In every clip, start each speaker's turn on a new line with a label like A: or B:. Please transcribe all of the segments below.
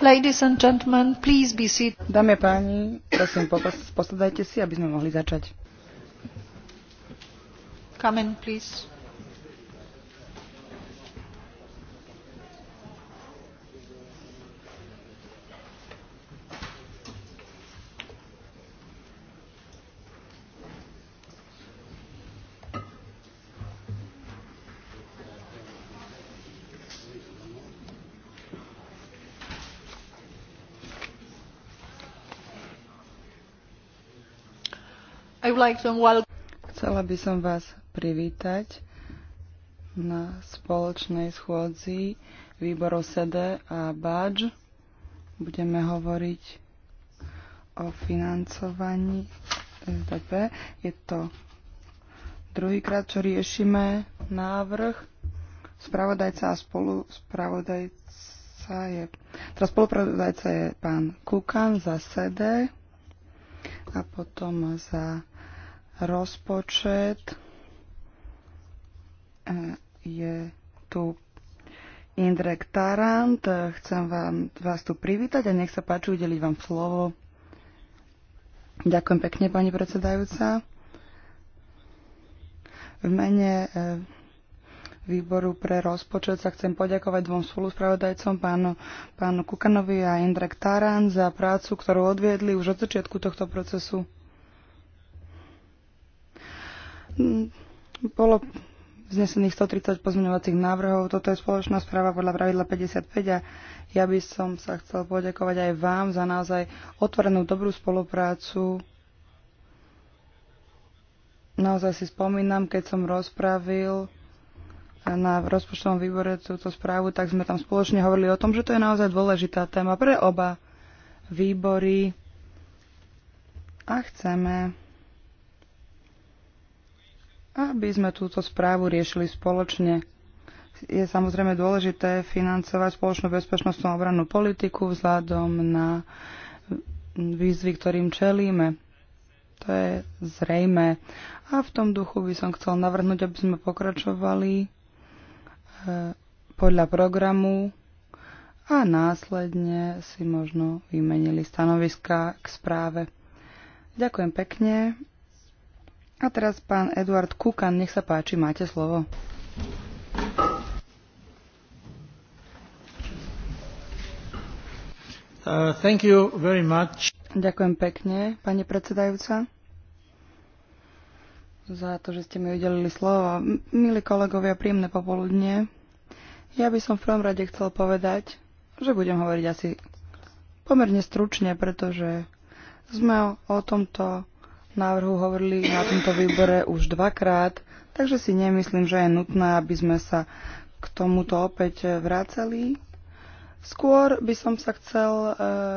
A: Ladies and gentlemen, please be seated. Dámy a páni, prosím, posadajte si, aby sme mohli začať. Come in, please. Chcela by som vás privítať na spoločnej schôdzi výboru SEDE a BAČ. Budeme hovoriť o financovaní SDP. Je to druhýkrát, čo riešime návrh. Spravodajca a spolu spravodajca je... Teraz spolupravodajca je pán Kukan za SEDE a potom za Rozpočet e, je tu Indrek Tarant. Chcem vám, vás tu privítať a nech sa páči udeliť vám slovo. Ďakujem pekne, pani predsedajúca. V mene e, výboru pre rozpočet sa chcem poďakovať dvom spoluspravodajcom, pánu, pánu Kukanovi a Indrek Tarant, za prácu, ktorú odviedli už od začiatku tohto procesu. Mm, bolo vznesených 130 pozmeňovacích návrhov. Toto je spoločná správa podľa pravidla 55 a ja by som sa chcel poďakovať aj vám za naozaj otvorenú dobrú spoluprácu. Naozaj si spomínam, keď som rozpravil na rozpočtovom výbore túto správu, tak sme tam spoločne hovorili o tom, že to je naozaj dôležitá téma pre oba výbory a chceme aby sme túto správu riešili spoločne. Je samozrejme dôležité financovať spoločnú bezpečnostnú obrannú politiku vzhľadom na výzvy, ktorým čelíme. To je zrejme. A v tom duchu by som chcel navrhnúť, aby sme pokračovali e, podľa programu a následne si možno vymenili stanoviska k správe. Ďakujem pekne. A teraz pán Eduard Kukan, nech sa páči, máte slovo. Uh, thank you very much. Ďakujem pekne, pani predsedajúca, za to, že ste mi udelili slovo. Milí kolegovia, príjemné popoludne. Ja by som v prvom rade chcel povedať, že budem hovoriť asi pomerne stručne, pretože sme o tomto návrhu hovorili na tomto výbore už dvakrát, takže si nemyslím, že je nutné, aby sme sa k tomuto opäť vracali. Skôr by som sa chcel e,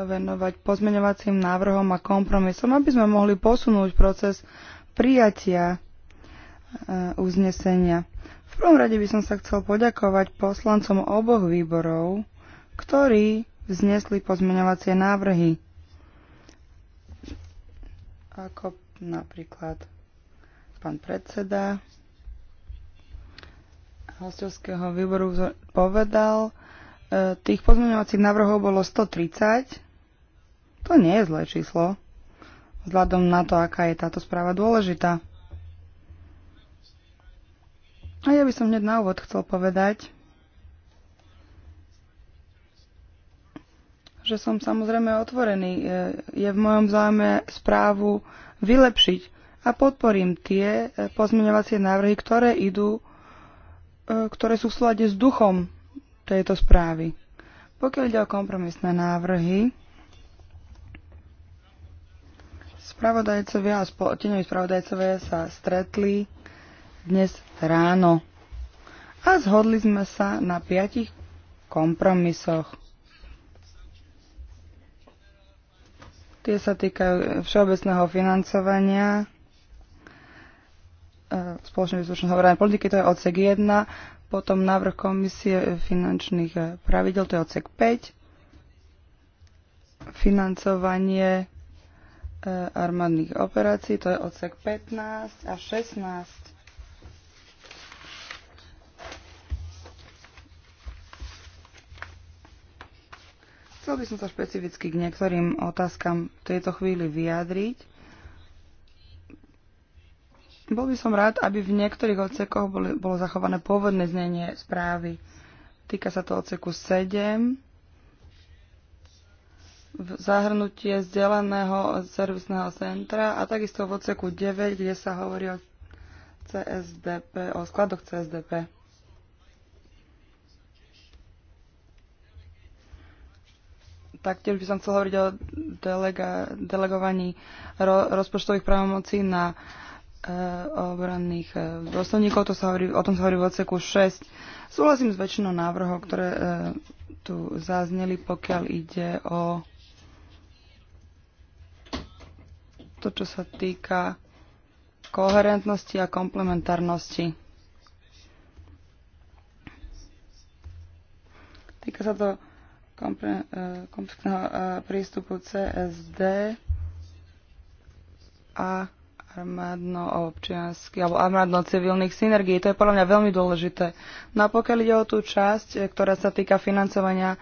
A: venovať pozmeňovacím návrhom a kompromisom, aby sme mohli posunúť proces prijatia e, uznesenia. V prvom rade by som sa chcel poďakovať poslancom oboch výborov, ktorí vznesli pozmeňovacie návrhy. Ako napríklad pán predseda hostovského výboru povedal, e, tých pozmeňovacích návrhov bolo 130. To nie je zlé číslo, vzhľadom na to, aká je táto správa dôležitá. A ja by som hneď na úvod chcel povedať, že som samozrejme otvorený. E, je v mojom záujme správu vylepšiť a podporím tie e, pozmeňovacie návrhy, ktoré idú, e, ktoré sú v slade s duchom tejto správy. Pokiaľ ide o kompromisné návrhy, spravodajcovia a tieňoví spravodajcovia sa stretli dnes ráno a zhodli sme sa na piatich kompromisoch. Tie sa týkajú všeobecného financovania e, spoločnej bezpečnostnej obrany politiky, to je odsek 1, potom návrh komisie finančných e, pravidel, to je odsek 5, financovanie e, armádnych operácií, to je odsek 15 a 16 Chcel by som sa špecificky k niektorým otázkam v tejto chvíli vyjadriť. Bol by som rád, aby v niektorých odsekoch boli, bolo zachované pôvodné znenie správy. Týka sa to odseku 7, v zahrnutie vzdelaného servisného centra a takisto v odseku 9, kde sa hovorí o CSDP, o skladoch CSDP. Taktiež by som chcel hovoriť o delega, delegovaní ro, rozpočtových právomocí na e, obranných e, dôstojníkov. To sa hovorí, o tom sa hovorí v odseku 6. Súhlasím s väčšinou návrhov, ktoré e, tu zazneli, pokiaľ ide o to, čo sa týka koherentnosti a komplementárnosti. Týka sa to E, komplexného e, prístupu CSD a armádno občiansky alebo armádno-civilných synergií. To je podľa mňa veľmi dôležité. No a pokiaľ ide o tú časť, e, ktorá sa týka financovania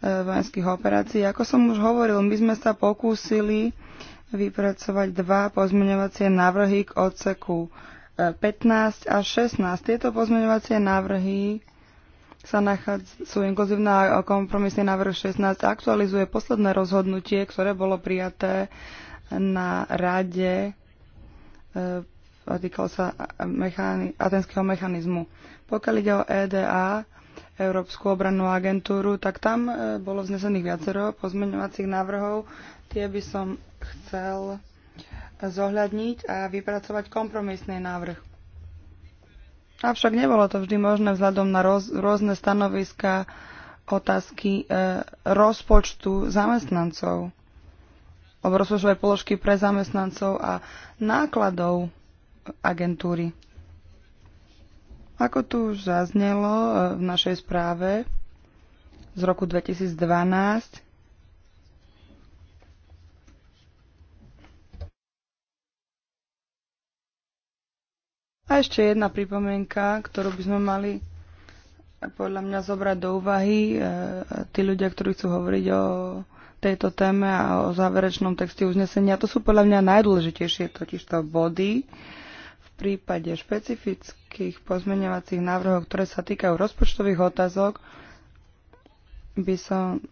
A: vojenských operácií, ako som už hovoril, my sme sa pokúsili vypracovať dva pozmeňovacie návrhy k odseku 15 a 16. Tieto pozmeňovacie návrhy sa nachádzajú inkluzívna kompromisný návrh 16 aktualizuje posledné rozhodnutie, ktoré bolo prijaté na rade e, a týkalo sa mechani- atenského mechanizmu. Pokiaľ ide o EDA, Európsku obrannú agentúru, tak tam e, bolo vznesených viacero pozmeňovacích návrhov. Tie by som chcel zohľadniť a vypracovať kompromisný návrh. Avšak nebolo to vždy možné vzhľadom na roz, rôzne stanoviska otázky e, rozpočtu zamestnancov, rozpočtovej položky pre zamestnancov a nákladov agentúry. Ako tu už zaznelo e, v našej správe z roku 2012, ešte jedna pripomienka, ktorú by sme mali eh, podľa mňa zobrať do úvahy. Eh, tí ľudia, ktorí chcú hovoriť o tejto téme a o záverečnom texte uznesenia, to sú podľa mňa najdôležitejšie totižto body v prípade špecifických pozmeňovacích návrhov, ktoré sa týkajú rozpočtových otázok, by som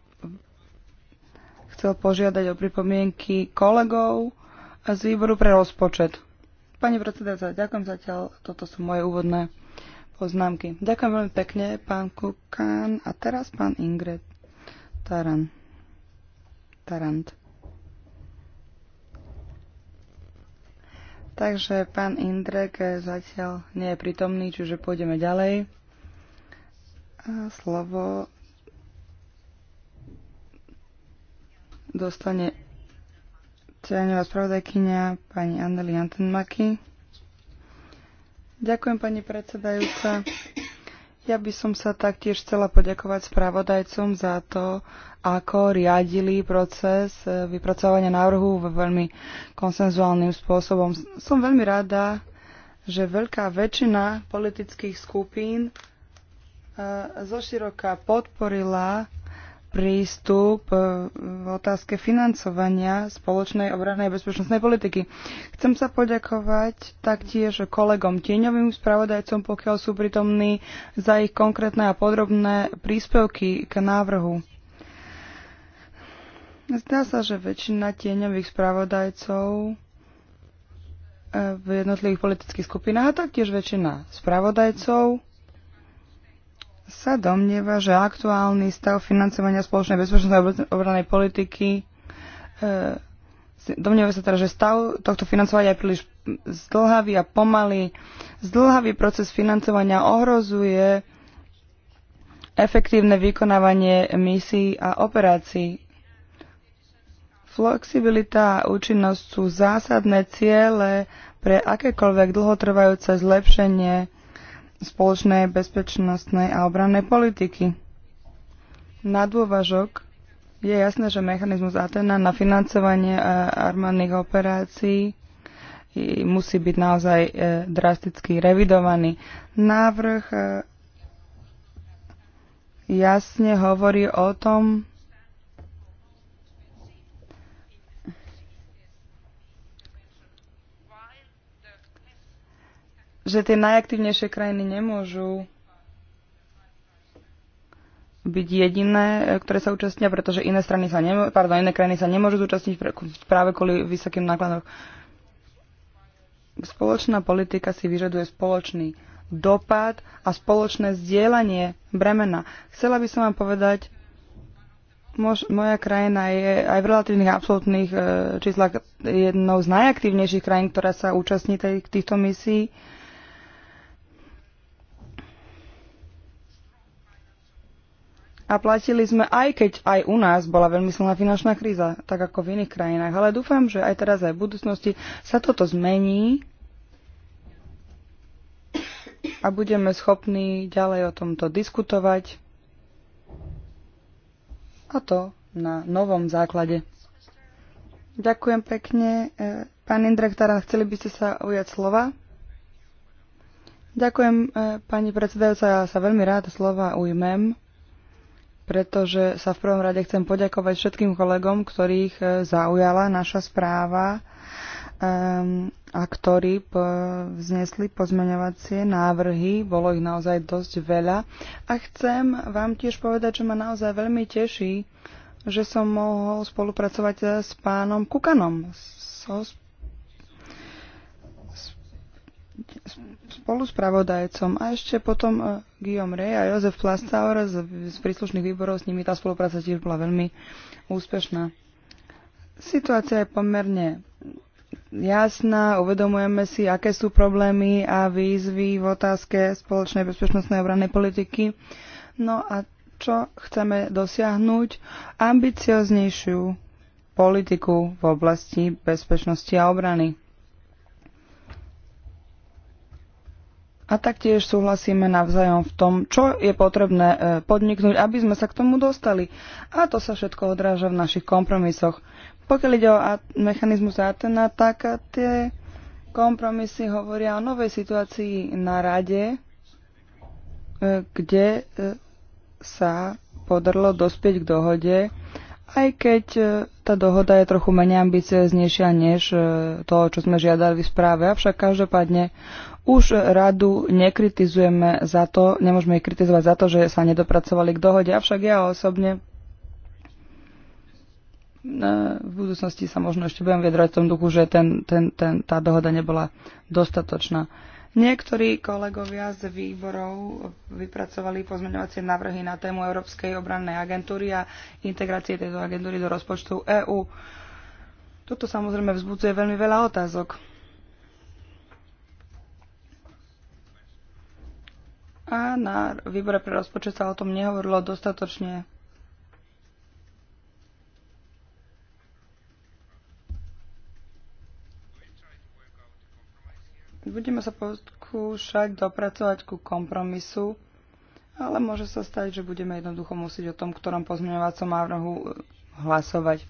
A: chcel požiadať o pripomienky kolegov z výboru pre rozpočet. Pani predsedajúca, ďakujem zatiaľ. Toto sú moje úvodné poznámky. Ďakujem veľmi pekne, pán Kukán A teraz pán Ingrid Taran. Tarant. Takže pán Indrek zatiaľ nie je prítomný, čiže pôjdeme ďalej. A slovo dostane Tieňová spravodajkynia pani Anneli Antenmaky. Ďakujem pani predsedajúca. Ja by som sa taktiež chcela poďakovať spravodajcom za to, ako riadili proces vypracovania návrhu veľmi konsenzuálnym spôsobom. Som veľmi rada, že veľká väčšina politických skupín e, zoširoka podporila prístup e, v otázke financovania spoločnej obranej a bezpečnostnej politiky. Chcem sa poďakovať taktiež kolegom tieňovým spravodajcom, pokiaľ sú pritomní, za ich konkrétne a podrobné príspevky k návrhu. Zdá sa, že väčšina tieňových spravodajcov e, v jednotlivých politických skupinách a taktiež väčšina spravodajcov sa domnieva, že aktuálny stav financovania spoločnej bezpečnostnej obranej politiky e, Domnieva sa teda, že stav tohto financovania je príliš zdlhavý a pomalý. Zdlhavý proces financovania ohrozuje efektívne vykonávanie misií a operácií. Flexibilita a účinnosť sú zásadné ciele pre akékoľvek dlhotrvajúce zlepšenie spoločnej bezpečnostnej a obrannej politiky. Na dôvažok je jasné, že mechanizmus Atena na financovanie e, armádnych operácií musí byť naozaj e, drasticky revidovaný. Návrh e, jasne hovorí o tom, že tie najaktívnejšie krajiny nemôžu byť jediné, ktoré sa účastnia, pretože iné, strany sa nemô- pardon, iné krajiny sa nemôžu zúčastniť práve kvôli vysokým nákladom. Spoločná politika si vyžaduje spoločný dopad a spoločné zdieľanie bremena. Chcela by som vám povedať, mož, moja krajina je aj v relatívnych absolútnych e, číslach jednou z najaktívnejších krajín, ktorá sa účastní tej, týchto misií. E, a platili sme, aj keď aj u nás bola veľmi silná finančná kríza, tak ako v iných krajinách. Ale dúfam, že aj teraz, aj v budúcnosti sa toto zmení a budeme schopní ďalej o tomto diskutovať. A to na novom základe. Ďakujem pekne. E, pán Indrek chceli by ste sa ujať slova? Ďakujem, e, pani predsedajúca, ja sa veľmi rád slova ujmem pretože sa v prvom rade chcem poďakovať všetkým kolegom, ktorých e, zaujala naša správa a ktorí vznesli pozmeňovacie návrhy. Bolo ich naozaj dosť veľa. A chcem vám tiež povedať, že ma naozaj veľmi teší, že som mohol spolupracovať e, s pánom Kukanom, s spoluspravodajcom a ešte potom e, Guillaume Rey a Jozef Plastaur z, z príslušných výborov, s nimi tá spolupráca tiež bola veľmi úspešná. Situácia je pomerne jasná, uvedomujeme si, aké sú problémy a výzvy v otázke spoločnej bezpečnostnej obrannej politiky. No a čo chceme dosiahnuť? Ambicioznejšiu politiku v oblasti bezpečnosti a obrany. A taktiež súhlasíme navzájom v tom, čo je potrebné e, podniknúť, aby sme sa k tomu dostali. A to sa všetko odráža v našich kompromisoch. Pokiaľ ide o mechanizmus Atena, tak tie kompromisy hovoria o novej situácii na rade, e, kde e, sa podarilo dospieť k dohode, aj keď tá dohoda je trochu menej ambicioznejšia než to, čo sme žiadali v správe. Avšak každopádne už radu nekritizujeme za to, nemôžeme ich kritizovať za to, že sa nedopracovali k dohode, avšak ja osobne e, v budúcnosti sa možno ešte budem viedrať v tom duchu, že ten, ten, ten, tá dohoda nebola dostatočná. Niektorí kolegovia z výborov vypracovali pozmeňovacie návrhy na tému Európskej obrannej agentúry a integrácie tejto agentúry do rozpočtu EÚ. Toto samozrejme vzbudzuje veľmi veľa otázok a na výbore pre rozpočet sa o tom nehovorilo dostatočne. Budeme sa pokúšať dopracovať ku kompromisu, ale môže sa stať, že budeme jednoducho musieť o tom, ktorom pozmeňovacom návrhu e, hlasovať.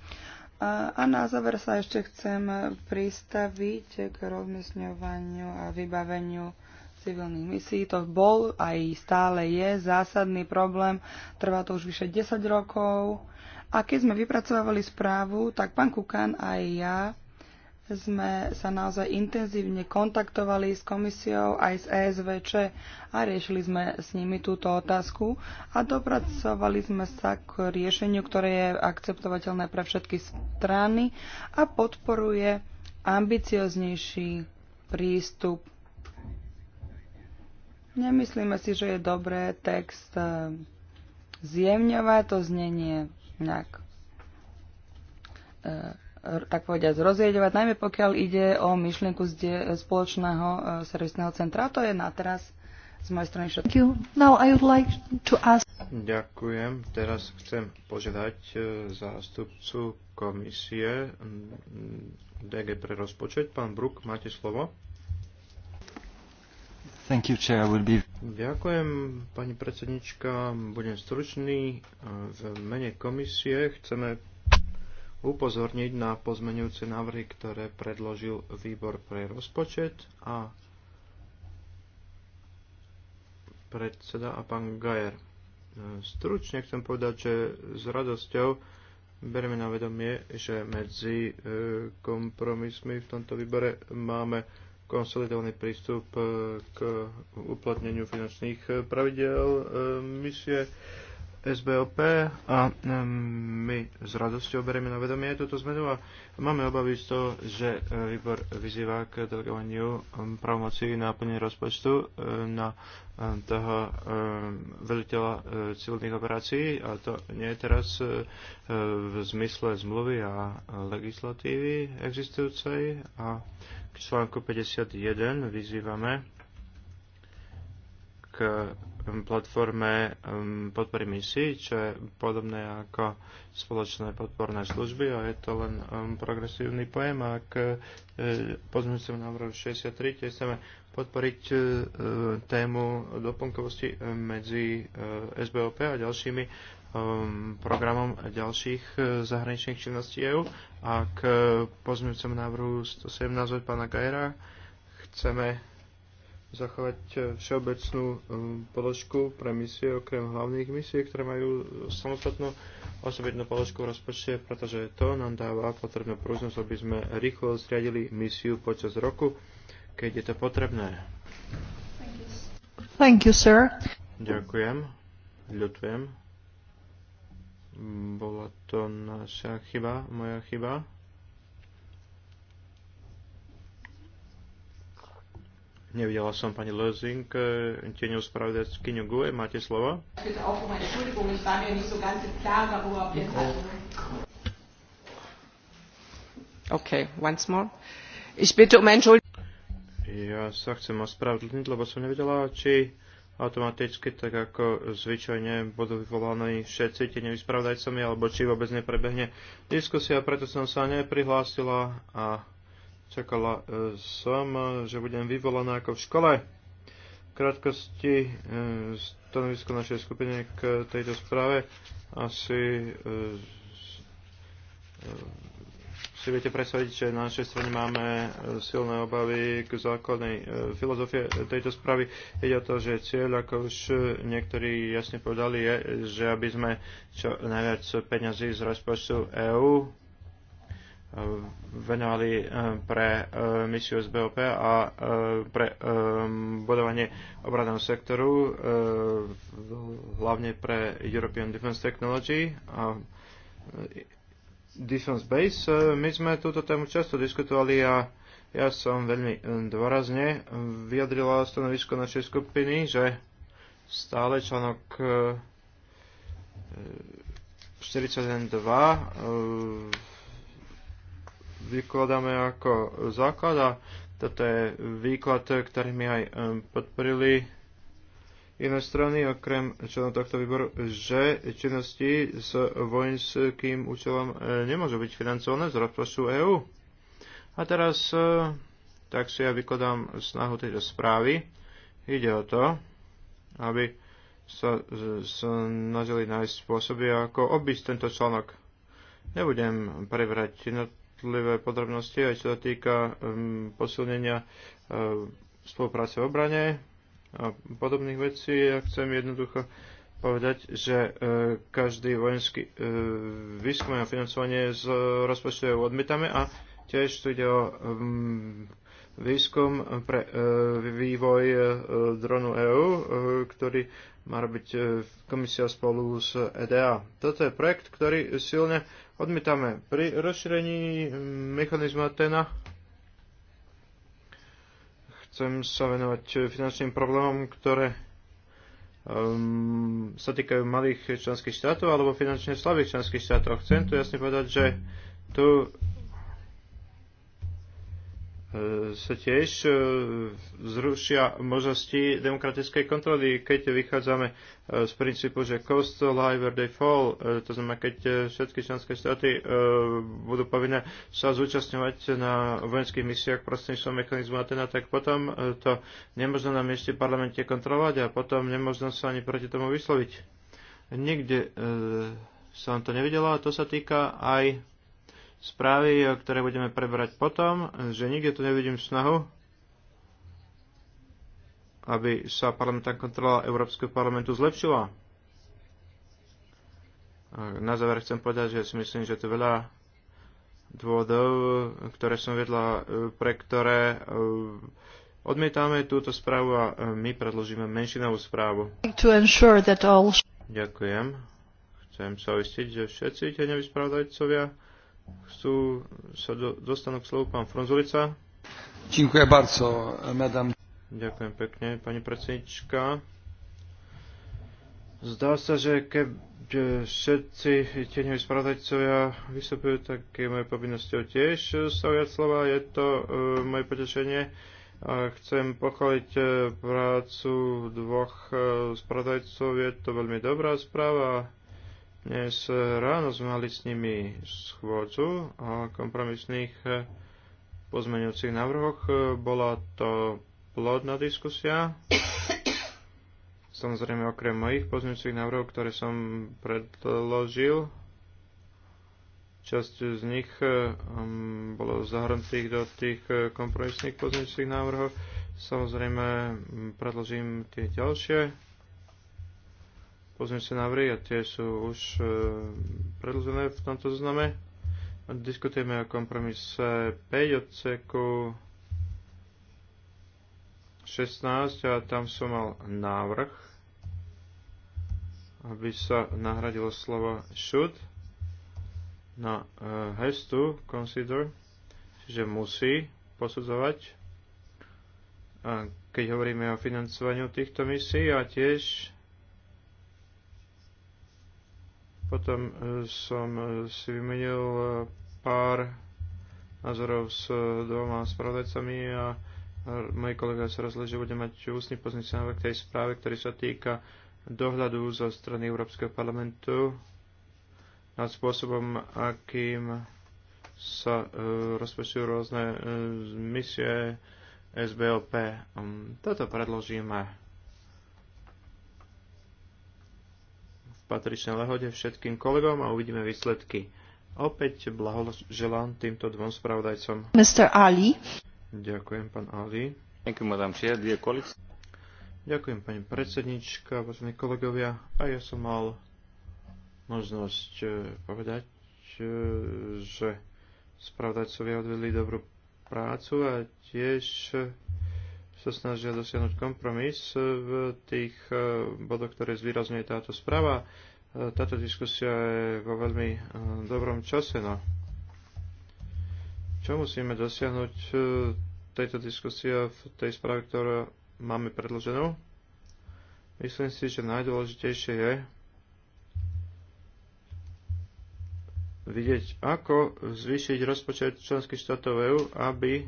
A: A na záver sa ešte chcem pristaviť k rozmysňovaniu a vybaveniu civilných misií. To bol aj stále je zásadný problém. Trvá to už vyše 10 rokov. A keď sme vypracovali správu, tak pán Kukan aj ja sme sa naozaj intenzívne kontaktovali s komisiou aj s ESVČ a riešili sme s nimi túto otázku a dopracovali sme sa k riešeniu, ktoré je akceptovateľné pre všetky strany a podporuje ambicioznejší prístup Nemyslíme si, že je dobré text eh, zjemňovať to znenie nejak eh, tak povediať, zrozrieďovať, najmä pokiaľ ide o myšlienku spoločného eh, servisného centra. To je na teraz z mojej strany všetko. Like ask...
B: Ďakujem. Teraz chcem požiadať zástupcu komisie mm, mm, DG pre rozpočet. Pán Bruk, máte slovo. Thank you, Chair. I will be... Ďakujem, pani predsednička. Budem stručný. V mene komisie chceme upozorniť na pozmenujúce návrhy, ktoré predložil výbor pre rozpočet a predseda a pán Gajer. Stručne chcem povedať, že s radosťou berieme na vedomie, že medzi e, kompromismi v tomto výbore máme konsolidovaný prístup eh, k uplatneniu finančných eh, pravidel eh, misie SBOP a my s radosťou berieme na vedomie túto zmenu a máme obavy z toho, že e, výbor vyzýva k delegovaniu pravomocí na plnenie rozpočtu e, na toho veliteľa e, civilných operácií a to nie je teraz v zmysle zmluvy a legislatívy existujúcej a k článku 51 vyzývame k um, platforme um, podpory misií, čo je podobné ako spoločné podporné služby a je to len um, progresívny pojem. Ak k e, pozmeňujúcemu návrhu 63 tiež chceme podporiť e, e, tému doplnkovosti medzi SBOP a ďalšími programom ďalších zahraničných činností EU a k pozmeňujúcemu návrhu 117 od pána Gajera chceme zachovať eh, všeobecnú eh, položku pre misie, okrem hlavných misií, ktoré majú samostatnú osobitnú položku v rozpočte, pretože to nám dáva potrebnú prúznosť, aby sme rýchlo zriadili misiu počas roku, keď je to potrebné. Thank you, sir. Ďakujem. Ľutujem. Bola to naša chyba, moja chyba. Nevidela som pani Lozing, e, tieňov spravodajskyňu GUE, máte slovo? OK, once more. Ich bitte um Ja sa chcem ospravedlniť, lebo som nevedela, či automaticky, tak ako zvyčajne budú vyvolaní všetci tie nevyspravdajcami, alebo či vôbec neprebehne diskusia, preto som sa neprihlásila a Čakala e, som, e, že budem vyvolaná ako v škole. V krátkosti e, stanovisko našej skupiny k tejto správe asi si viete presadiť, že na našej strane máme silné obavy k základnej filozofie tejto správy. Ide o to, že cieľ, ako už niektorí jasne povedali, je, že aby sme čo najviac peňazí z rozpočtu EÚ venovali eh, pre eh, misiu SBOP a eh, pre budovanie obradného sektoru, hlavne pre European Defense Technology a Defense Base. My sme túto tému často diskutovali a ja som veľmi dôrazne vyjadrila stanovisko našej skupiny, že stále článok 42 vykladáme ako základ a toto je výklad, ktorý mi aj podporili iné strany, okrem členov tohto výboru, že činnosti s vojenským účelom e, nemôžu byť financované z rozpočtu EÚ. A teraz e, tak si ja vykladám snahu tejto správy. Ide o to, aby sa snažili nájsť spôsoby, ako obísť tento článok. Nebudem prebrať jednotlivé podrobnosti, aj čo sa týka posilnenia spolupráce v obrane a podobných vecí. Ja chcem jednoducho povedať, že e, každý vojenský e, výskum a financovanie z rozpočtu odmietame a tiež tu ide o výskum pre e, vývoj dronu EU, ktorý má robiť komisia spolu s EDA. Toto je projekt, ktorý silne odmietame. Pri rozšírení mm, mechanizmu Atena chcem sa venovať finančným problémom, ktoré um, sa týkajú malých členských štátov alebo finančne slabých členských štátov. Chcem tu jasne povedať, že tu sa tiež e, zrušia možnosti demokratickej kontroly, keď vychádzame e, z princípu, že cost live where they fall, e, to znamená, keď všetky členské štáty budú povinné sa zúčastňovať na vojenských misiách prostredníctvom mechanizmu Atena, tak potom to nemôžno na mieste v parlamente kontrolovať a potom nemôžno sa ani proti tomu vysloviť. Nikde som to nevidela, to sa týka aj správy, o ktoré budeme prebrať potom, že nikde tu nevidím snahu, aby sa parlamentná kontrola Európskeho parlamentu zlepšila. Na záver chcem povedať, že si myslím, že to veľa dôvodov, ktoré som vedla, e, pre ktoré e, odmietame túto správu a e, my predložíme menšinovú správu.
A: All...
B: Ďakujem. Chcem sa uistiť, že všetci tie nevyspravodajcovia chcú sa do, dostanú k slovu pán Fronzulica. Ďakujem bardzo, madam. Ďakujem pekne, pani predsednička. Zdá sa, že keď všetci tieňoví spravodajcovia vystupujú, tak je mojou povinnosťou tiež sa viac slova. Je to uh, moje potešenie. A chcem pochváliť e, prácu dvoch e, spravodajcov. Je to veľmi dobrá správa dnes ráno sme mali s nimi schôdzu o kompromisných e, pozmeňujúcich návrhoch. E, bola to plodná diskusia. Samozrejme, okrem mojich pozmeňujúcich návrhov, ktoré som predložil, časť z nich e, um, bolo zahrnutých do tých kompromisných pozmeňujúcich návrhov. Samozrejme, predložím tie ďalšie sa návrhy a tie sú už e, predlžené v tomto zozname. Diskutujeme o kompromise 5 odseku 16 a tam som mal návrh, aby sa nahradilo slovo should na uh, has to consider, čiže musí posudzovať. A keď hovoríme o financovaniu týchto misií a tiež Potom e, som e, si vymenil e, pár názorov s dvoma spravodajcami a moji kolega sa rozhodli, že bude mať ústny pozíciu k tej správe, ktorý sa týka dohľadu zo strany Európskeho parlamentu nad spôsobom, akým sa e, rozpočujú rôzne e, misie SBLP. Um, toto predložíme patričnej lehode všetkým kolegom a uvidíme výsledky. Opäť blahoželám týmto dvom spravodajcom. Mr. Ali. Ďakujem, pán Ali. Ďakujem, madam Ďakujem, pani predsednička, vážení kolegovia. A ja som mal možnosť e, povedať, e, že spravodajcovia odvedli dobrú prácu a tiež e, sa snažia dosiahnuť kompromis v tých e, bodoch, ktoré zvýrazňuje táto správa. E, táto diskusia je vo veľmi e, dobrom čase. No. Čo musíme dosiahnuť tejto diskusie v tej správe, ktorú máme predloženú? Myslím si, že najdôležitejšie je vidieť, ako zvýšiť rozpočet členských štátov EÚ, aby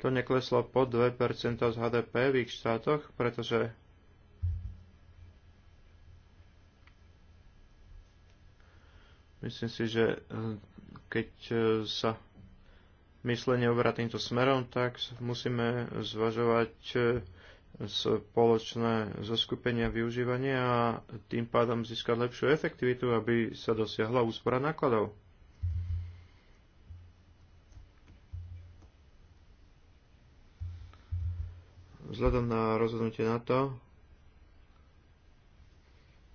B: to nekleslo pod 2% z HDP v ich štátoch, pretože myslím si, že eh, keď eh, sa myslenie obrá týmto smerom, tak musíme zvažovať eh, spoločné zoskupenia využívania a tým pádom získať lepšiu efektivitu, aby sa dosiahla úspora nákladov. vzhľadom na rozhodnutie NATO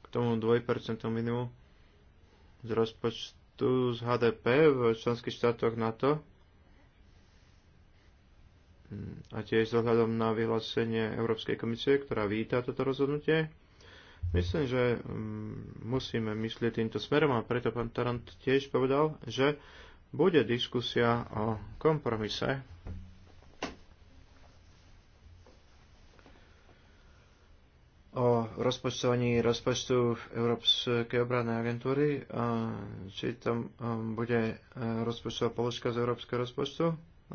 B: k tomu 2% minimu z rozpočtu z HDP v členských štátoch NATO a tiež vzhľadom na vyhlásenie Európskej komisie, ktorá víta toto rozhodnutie. Myslím, že mm, musíme myslieť týmto smerom a preto pán Tarant tiež povedal, že bude diskusia o kompromise rozpočtovaní rozpočtu v Európskej obranej agentúry, či tam bude e, rozpočtová položka z európskeho rozpočtu,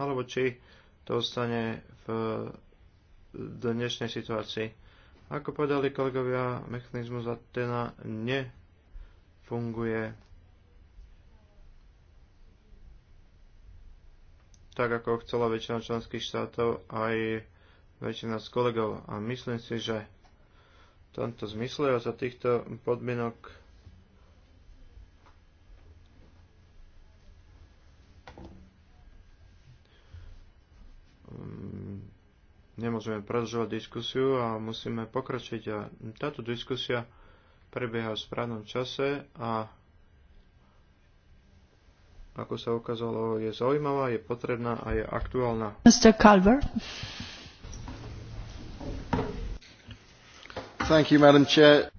B: alebo či to ostane v dnešnej situácii. Ako povedali kolegovia, mechanizmus Atena nefunguje tak, ako chcela väčšina členských štátov aj väčšina z kolegov. A myslím si, že tomto zmysle a za týchto podmienok mm, nemôžeme predlžovať diskusiu a musíme pokračiť. A táto diskusia prebieha v správnom čase a ako sa ukázalo, je zaujímavá, je potrebná a je aktuálna. Mr. Calvert. Thank you, Madam Chair.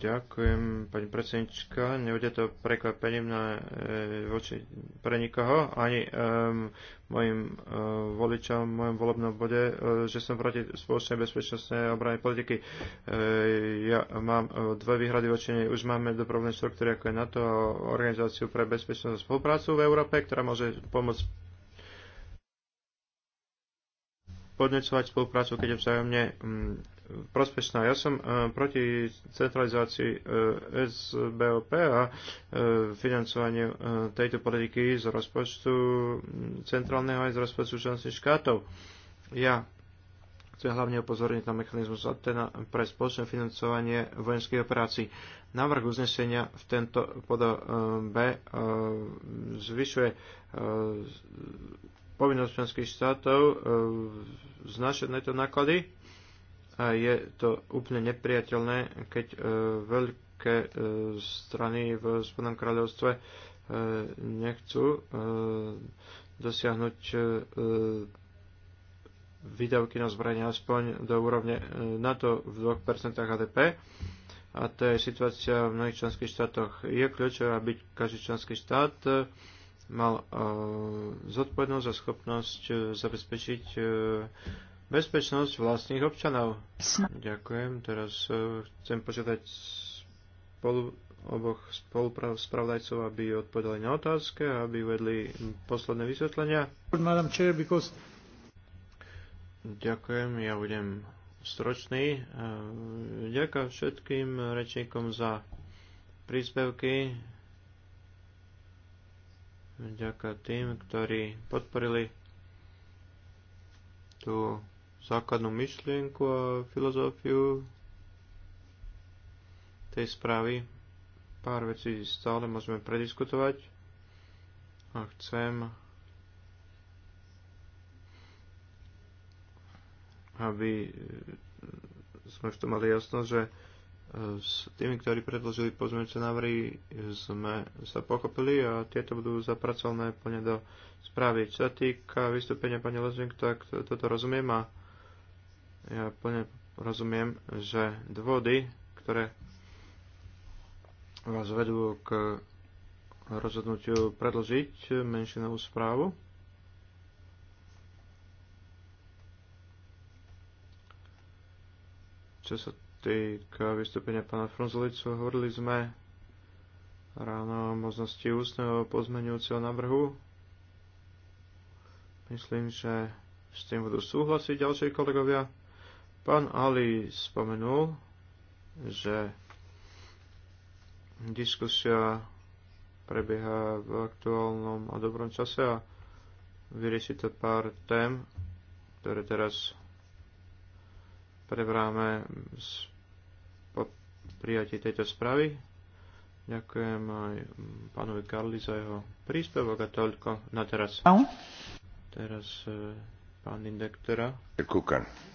B: Ďakujem, pani predsednička. Nebude to prekvapením na, e, voči pre nikoho, ani e, mojim e, voličom v mojom volebnom bode, e, že som proti spoločnej bezpečnostnej obrany politiky. E, ja mám e, dve výhrady voči nej. Už máme dobrovoľné štruktúry, ako je NATO, Organizáciu pre bezpečnosť a spoluprácu v Európe, ktorá môže pomôcť podnecovať spoluprácu, keď je vzájomne prospešná. Ja som e, proti centralizácii e, SBOP a e, financovaniu tejto politiky z rozpočtu centrálneho aj z rozpočtu členských štátov. Ja chcem hlavne upozorniť na mechanizmus Atena pre spoločné financovanie vojenských operácií. Návrh uznesenia v tento podobe zvyšuje povinnosť členských štátov znašať na to náklady a je to úplne nepriateľné, keď e, veľké e, strany v Spodnom kráľovstve e, nechcú dosiahnuť výdavky na zbranie aspoň do úrovne NATO v 2% HDP. A to je situácia v mnohých členských štátoch. Je kľúčové, aby každý členský štát mal zodpovednosť a schopnosť zabezpečiť bezpečnosť vlastných občanov. Ďakujem. Teraz e, chcem požiadať spolu, oboch spolupravdajcov, aby odpovedali na otázky a aby uvedli posledné vysvetlenia. Ďakujem, ja budem stročný. E, Ďakujem všetkým rečníkom za príspevky. Ďakujem tým, ktorí podporili tú základnú myšlienku a filozofiu tej správy. Pár vecí stále môžeme prediskutovať a chcem, aby sme v tom mali jasno, že s tými, ktorí predložili pozmeňujúce návrhy, sme sa pochopili a tieto budú zapracované plne do správy. Čo sa týka vystúpenia pani Lezenk, tak toto rozumiem a ja plne rozumiem, že dôvody, ktoré vás vedú k rozhodnutiu predložiť menšinovú správu. Čo sa týka vystúpenia pána Frunzelicu, hovorili sme ráno o možnosti ústneho pozmenujúceho návrhu. Myslím, že s tým budú súhlasiť ďalšie kolegovia. Pán Ali spomenul, že diskusia prebieha v aktuálnom a dobrom čase a vyrieši to pár tém, ktoré teraz prebráme po prijatí tejto správy. Ďakujem aj pánovi Karli za jeho príspevok a toľko na teraz. Teraz eh, pán Indektora. Kúkan.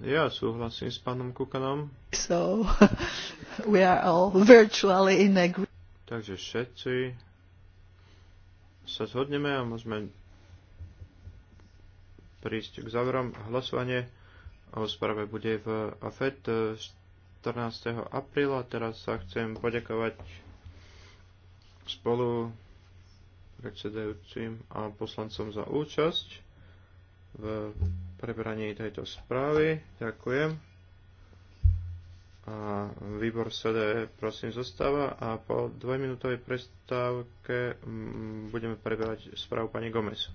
B: Ja súhlasím s pánom Kukanom. So, we are all virtually in a... Takže všetci sa zhodneme a môžeme prísť k záverom. Hlasovanie o správe bude v AFET 14. Eh, apríla. Teraz sa chcem poďakovať spolu predsedajúcim a poslancom za účasť v prebranie tejto správy. Ďakujem. A výbor SD e, prosím zostáva a po dvojminútovej prestávke mm, budeme preberať správu pani Gomez.